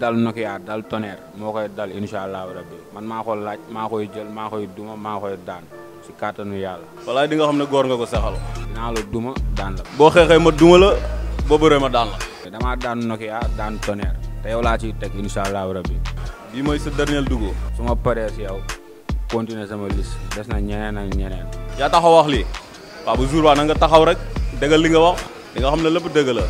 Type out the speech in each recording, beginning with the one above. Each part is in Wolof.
dal Nokia dal tonnerre moo koy dal incha allahu rabbi man maa ko laaj maa koy jël maa koy duma maa koy daan si kàttanu yàlla. walaay di nga xam ne góor nga ko saxal. naa la duma daan la. boo xeexee ma duma la boo bëree ma daan la. damaa daan Nokia daan tonnerre te yow laa ciy teg incha allahu rabbi. bii mooy sa dernier dugub. su ma paree si yow continuer sama liste des na ñeneen a ñeneen. yaa taxaw wax lii waaw bu jour waa na nga taxaw rek dëggal li nga wax li xam ne lépp dëgg la.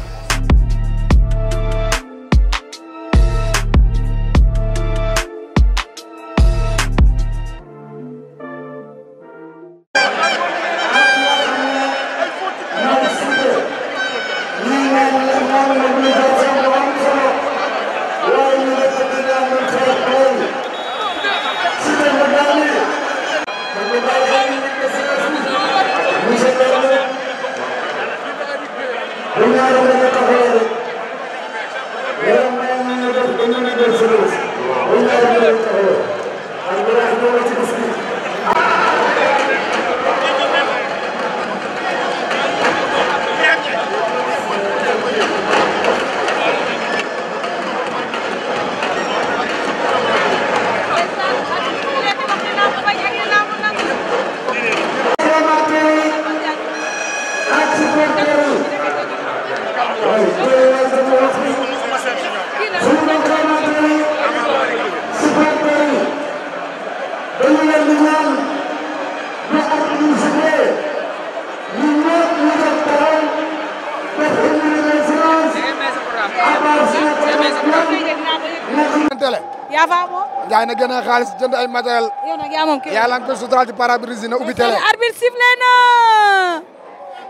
yaa fa amoo. Ndiaye na génne xaalis jënd ay matériel. yaa moom nga koy suturaal ci pare-brise yi na ubbi télé. arbitre sifflé na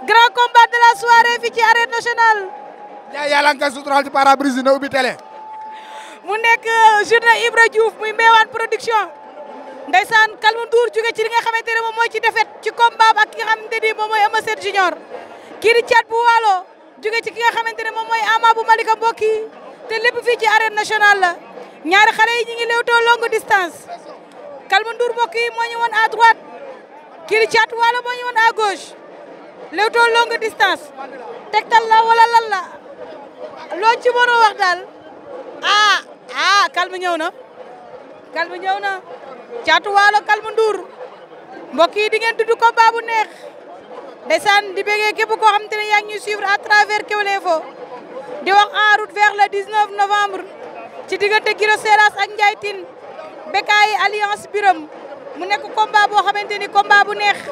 grand combat de la soirée fii ci arène nationale. Ndiaye yàlla nga koy suturaal ci na ubbi télé. mu nekk euh, journée Ibra Diouf muy Mbeewaan production. Ndeysaan Kalmu Ndour jóge ci li nga xamante ne moom mooy ci defet ci combat ak ki nga xamante ni moom mooy Junior. kii di bu Waalo jóge ci ki nga xamante ne moom Ama bu Malika mbokk yi te lépp ci arène national ñaari xale yi ñu ngi léewtoo longue distance Calme Ndour mbokk yi moo ñu woon à droite Waalo moo ñu woon à gauche léewtoo longue distance tegtal la wala lan loo ci mën a wax daal ah, ah na Calme ñëw na Caat Waalo Calme Ndour mbokk yi di ngeen dudd combat bu neex di bëggee képp koo xam te ne yaa à travers Kewel Info di wax en vers le novembre ci diggante Giro Seras ak Ndiaye Tine Bécaye Alliance Birame mu nekk combat boo xamante ni combat bu neex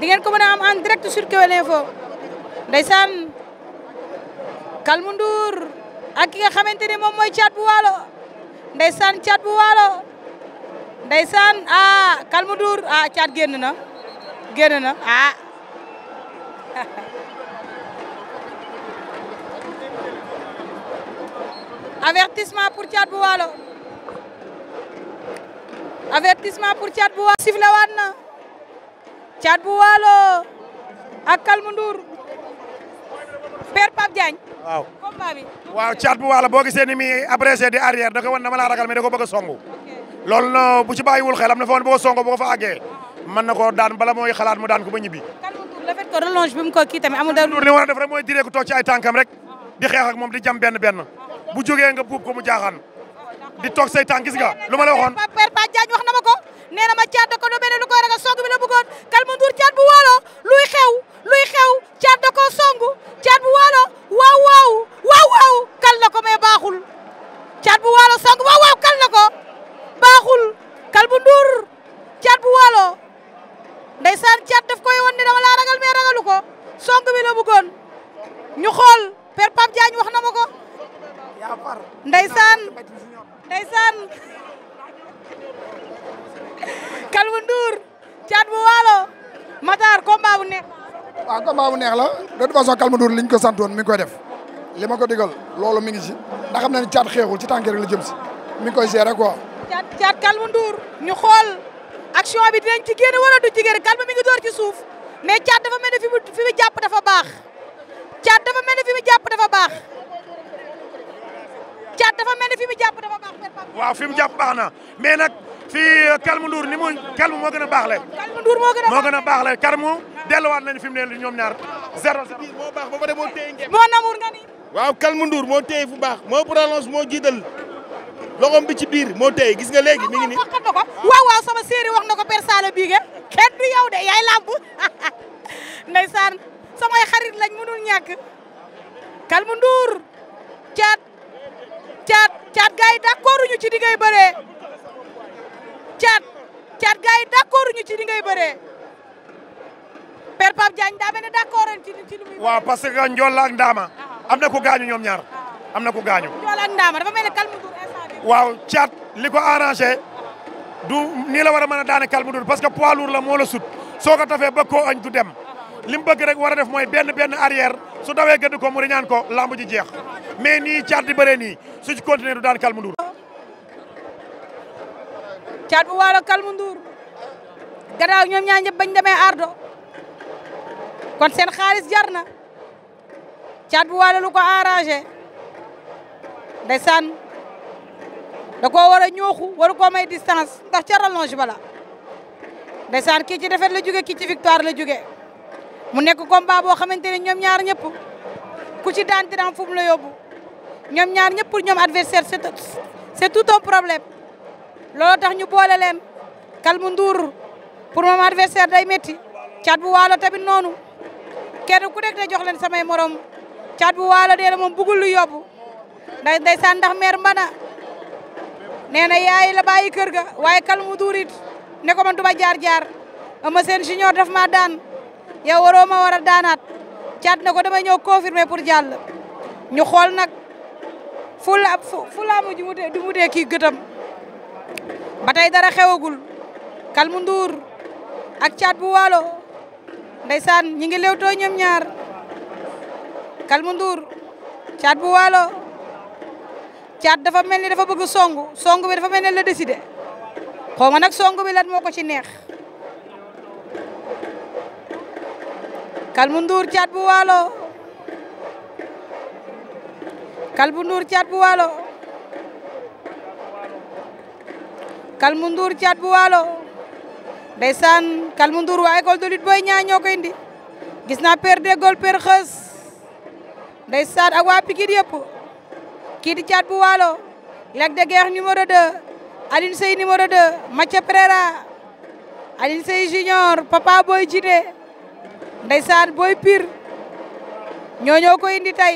di ngeen ko mën a am en direct sur Kewel Info ndeysaan Kalmu ak ki nga xamante ni moom mooy caat bu waalo ndeysaan caat bu waalo ndeysaan ah Kalmu Ndour ah caat génn na génn na ah avertissement pour Thiat bu Waalo avertissement pour Thiat bu Waalo sifle waat na Thiat bu Waalo ak Kalmu Ndour père Pape Diagne waaw combat bi bu Waalo boo gisee ni muy abrégé arrière da ko wan dama laa ragal mais a songu loolu no bu ci bàyyiwul xel na fa woon bu ko songo bu ko uh-huh. ko daan bala mooy xalaat mu daan ko ba ñibbi le fait que relonge bi a def rek mooy diree ko toog ci rek uh-huh. di xeex ak moom di jam benn benn uh-huh. bu jógee nga buub ko mu jaaxaan di toog say tànk gis nga lu ma la waxoon. Père Pape Diagne ko nee ndeysaan ndeysaan Kalbu Ndour caat bu waalo Matar combat bu neex waaw combat bu neex la de toute façon Kalbu Ndour liñ ko santoon mi ngi koy def li ma ko digal loolu mi ngi ci ndax xam na ne caat xeexul ci tànk la jëm si mi ngi koy gérer quoi caat caat Kalbu ñu xool action bi ci génn wala du ci génn Kalbu mi door ci suuf mais caat dafa mel fi mu waaw fi mu jàpp baax na mais nag fii Calme euh, Ndour ni mu Calme moo gën a baax le Calme Ndour moo gën a baax le Calme delluwaat nañu fi mu ne ñoom ñaar zéro moo baax ba pare moo téye ngeen moo namour nga ni waaw Calme Ndour moo téye fu baax moo prolonge moo jiital loxoom bi ci biir moo téye gis nga léegi mi ngi ni fakkat na ko waaw waaw sama séeri wax na ko per sala biige kenn du yow de yaay làmb ndeysaan samay xarit lañ mënul ñàkk Calme Ndour caat caat caat gars yi d'accord ñu ci di ngay bëree caat caat gars yi d'accord ñu ci di ngay bëree Père Pape Diagne daa ne d'accord ci ci lu waaw parce que Ndiol ak Ndama. Ah. am na ku gaañu ñoom ñaar. am na ku gaañu. waaw caat li ko arrangé du nii la war a mën a daane calme parce que poids la moo la sut soo ko tafee bëgg koo dem. Ah. li mu bëgg rek war a def mooy benn benn arrière. su dawee gëdd ko mu riñaan ko lamb ji jeex mais ni caat di bëree nii su ci continuer du daan Kalmu Ndour. caat bu waalo Kalmu Ndour gannaaw ñoom ñaar ñëpp ardo kon seen xaalis jar na caat bu waalo lu ko arrangé ndeysaan da koo ware a ñooxu ko koo may distance ndax ca rallonge bala ndeysaan kii ci defet la jóge kii ci victoire la jóge mu nekk combat boo xamante ne ñoom ñaar ñëpp ku ci daan dina am fu mu la yóbbu ñaar ñëpp pour ñoom adversaire c'est tout c'est tout un problème looloo tax ñu boole leen Calme Ndour pour moom adversaire day métti caat bu waalo tamit noonu kenn ku nekk day jox leen samay morom caat bu waalo dee na moom bëggul lu day day saan ndax meer mbana nee na yaay la bàyyi kër ga waaye Calme Ndour it ne ko man du ma jaar jaar ama seen junior daf maa daan yow waroo ma war a daanaat caat na ko damay ñëw confirmer pour jàll ñu xool nag fu la fu laamu ji mu dee du mu dee kii gëtam ba tey dara xewagul kalmu nduur ak caat bu waalo ndeysaan ñi ngi lew lewtoo ñoom ñaar kalmu nduur caat bu waalo caat dafa mel ni dafa bëgg songu songu bi dafa mel ni la décidé xaw ma nag songu bi lan moo ko ci neex Kalbu Ndour caat bu waalo Kalbu Ndour caat bu waalo Kalbu Ndour caat bu waalo ndeysaan Kalbu Ndour waa école de lutte Boy Niang ñoo koy indi gis naa père de gol père xës waa Pikine yëpp kii di caat bu waalo Lac de Guiers numéro 2 Aline Seye numéro 2 Macha Pereira Aline Seye junior Papa Boy Djité ndeysaan booy pir ñoo ñoo ko indi tey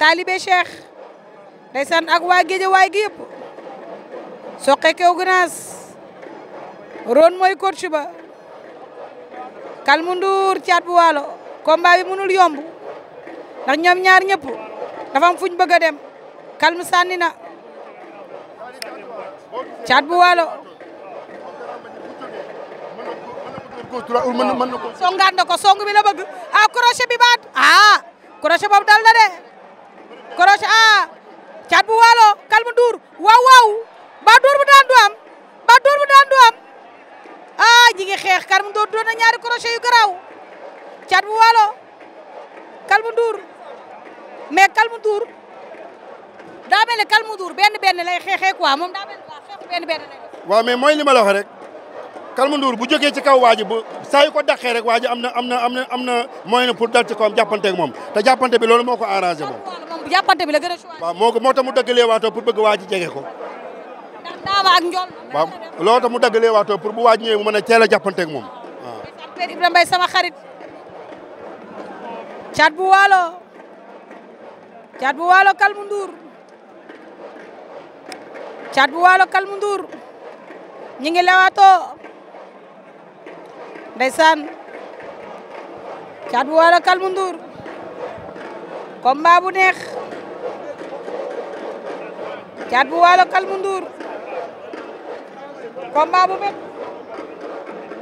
taalibe Cheikh ndeysaan ak waa géej waay gi yëpp soqe kew ginaas roon mooy coach ba Kalmu Ndour caat bu waalo combat bi mënul yomb ndax ñoom ñaar ñëpp dafa am fuñ bëgg a dem Kalmu sànni na caat bu waalo ko droit mën na mën na ko. songaat na ko la bëgg ah crochet bi baat ah crochet boobu dal na de crochet ah caat bu waalo kal mu duur waaw waaw ba duur bu daan du ba duur bu daan du am ah ñi ngi mu duur doon ñaari crochet yu garaaw caat bu waalo kal mu duur mais kal mu duur daa mel kal mu duur benn benn lay xeexee quoi moom daa mel ne xeexu benn benn lay. waaw mais mooy li ma la wax rek. Kalma Ndour bu jógee ci kaw waaj ji bu saa ko daqee rek waa am na am na am na am na moyen pour dal ci kawam jàppante moom te jàppante bi loolu moo ko arrangé moom. jàppante bi la gën a moo ko moo tax mu dëggalee waatoo pour bëgg waa ji jege ko. ndax daawa ak mu dëggalee waatoo pour bu waa ji mu mën a teel a moom waaw. sama xarit. caat bu waalo. caat bu waalo Kalma caat bu waalo Kalma Ndour. ñu ngi ndeysaan caat bu wala Kalmu Ndour combat bu neex caat bu wala Kalmu Ndour combat bu met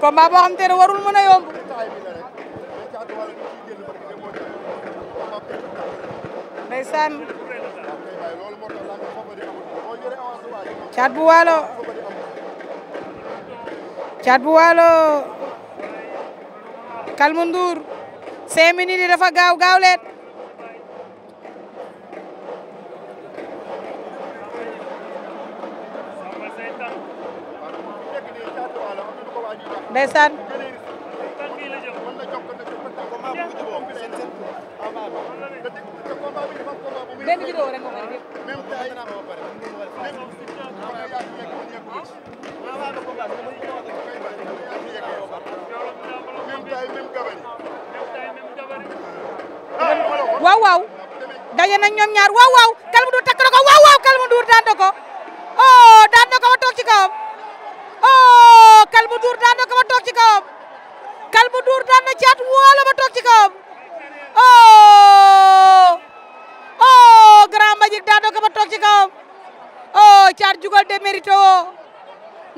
combat boo xam te ne warul mën a yomb ndeysaan caat bu walo caat bu walo Calme Ndour cinq minutes yi dafa gaaw gaaw leen ndeysaan waaw waaw daje nañ ñoom ñaar waaw waaw Kalmoundour takk na ko waaw waaw Kalmoundour daan na ko oh, daan na ba toog ci kawam oh Kalmoundour daan na ba toog ci kawam Kalmoundour daan daan na ba toog ci kawam oh, oh, caat jugal de mérito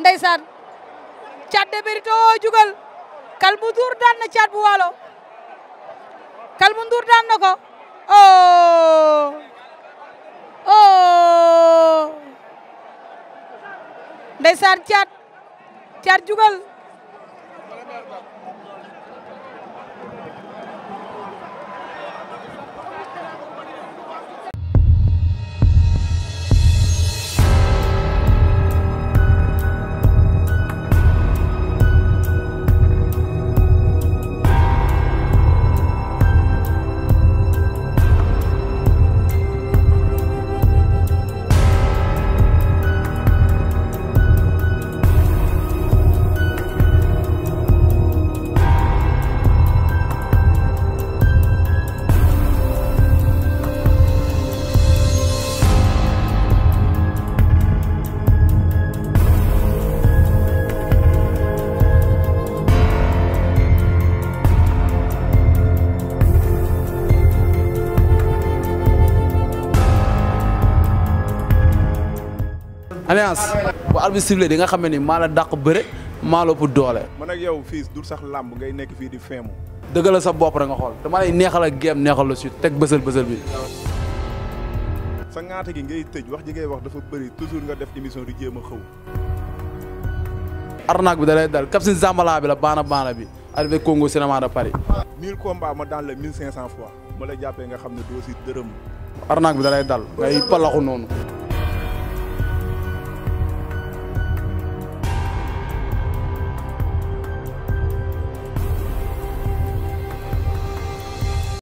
ndeysaan caat de mérito jugal Kalmoundour daan na caat bu waalo Kalmoundour daan na oh oh ndeysaan caat caat jugal expérience bu arbitre di nga xam ne maa la dàq bëre la ëpp doole. man ak yow fii du sax làmb ngay nekk fii di feemu. dëggal sa bopp rek nga xool dama lay neexal ak géem neexal la suite teg bësël bësël bi. sa ngaata gi ngay tëj wax ji ngay wax dafa bëri toujours nga def émission di jéem a xëw. arnaque bi da dal Kapsin Zambala bi la baana baana bi arrivé Congo cinéma de Paris. 1000 combats ma daan la 1500 fois ma la jàppee nga xam ne doo si dërëm. arnaque bi da dal ngay palaxu noonu.